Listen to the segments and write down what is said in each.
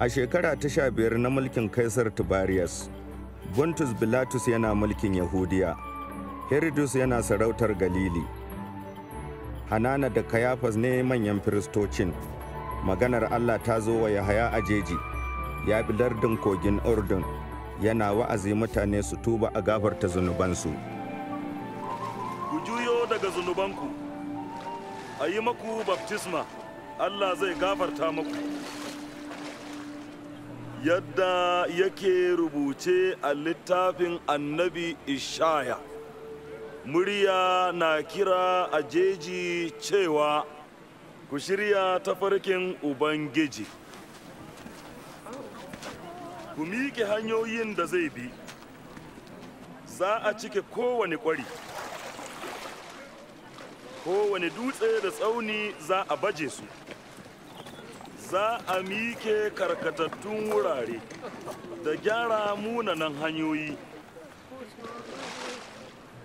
A shekara ta sha biyar na mulkin Kaisar Tibarius, Buntus Bilatus yana mulkin Yahudiya, Herodus yana sarautar Galili. Hanana da Kayafas ne manyan firistocin. Maganar Allah ta zo wa Yahaya a jeji, ya bi lardin kogin Urdun, yana wa'azi mutane su tuba a gafarta zunubansu. Ku juyo daga zunubanku, a yi maku baftisma, Allah zai gafarta maku. yadda yake rubuce a littafin annabi ishaya murya na kira a jeji cewa ku shirya tafarkin ubangiji ku miƙe hanyoyin da zai bi za a cike kowane kwari, kowane dutse da tsauni za a baje su za a mike karkatattun wurare da gyara munanan hanyoyi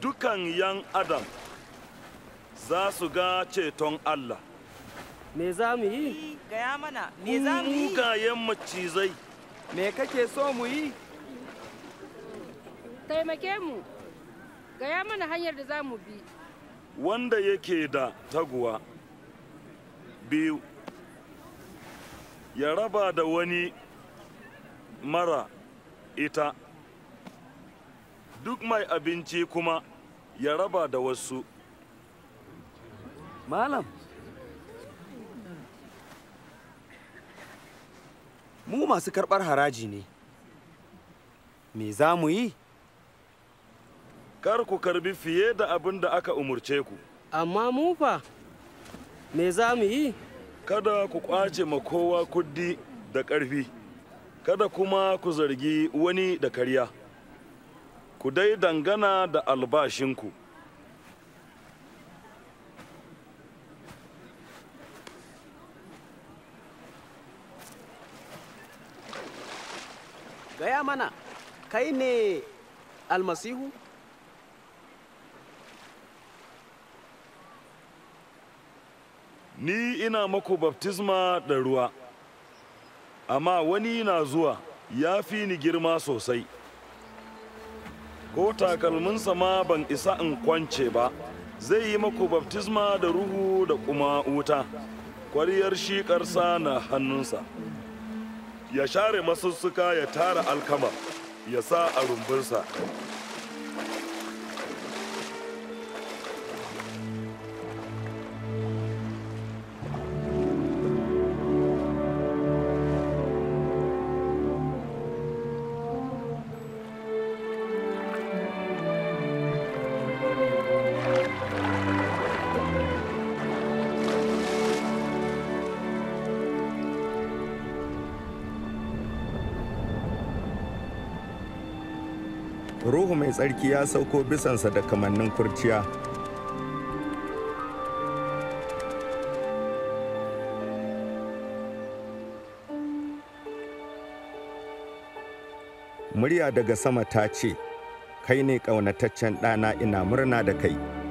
dukan yan adam za su ga ceton allah me za mu yi gaya mana me za mu yi macizai me kake so mu yi taimake mu gaya mana hanyar da za mu bi wanda yake da taguwa biyu ya raba da wani mara ita duk mai abinci kuma ya raba da wasu malam mu masu karɓar haraji ne me za mu yi kar ku karbi fiye da abin da aka umurce ku amma mu fa me za mu yi kada ku ƙwace ma kowa kuddi da ƙarfi kada kuma ku zargi wani da karya ku dai dangana da albashinku gaya mana kai ne almasihu ni ina maku baftisma da ruwa amma wani na zuwa ya fi ni girma sosai ko takalminsa ma ban isa in kwance ba zai yi maku baftisma da ruhu da kuma wuta kwariyar shiƙarsa na hannunsa ya share masussuka ya tara alkama ya sa a rumbunsa ruhu mai tsarki ya sauko bisansa da kamannin kurciya murya daga sama ta ce kai ne ƙaunataccen ɗana ina murna da kai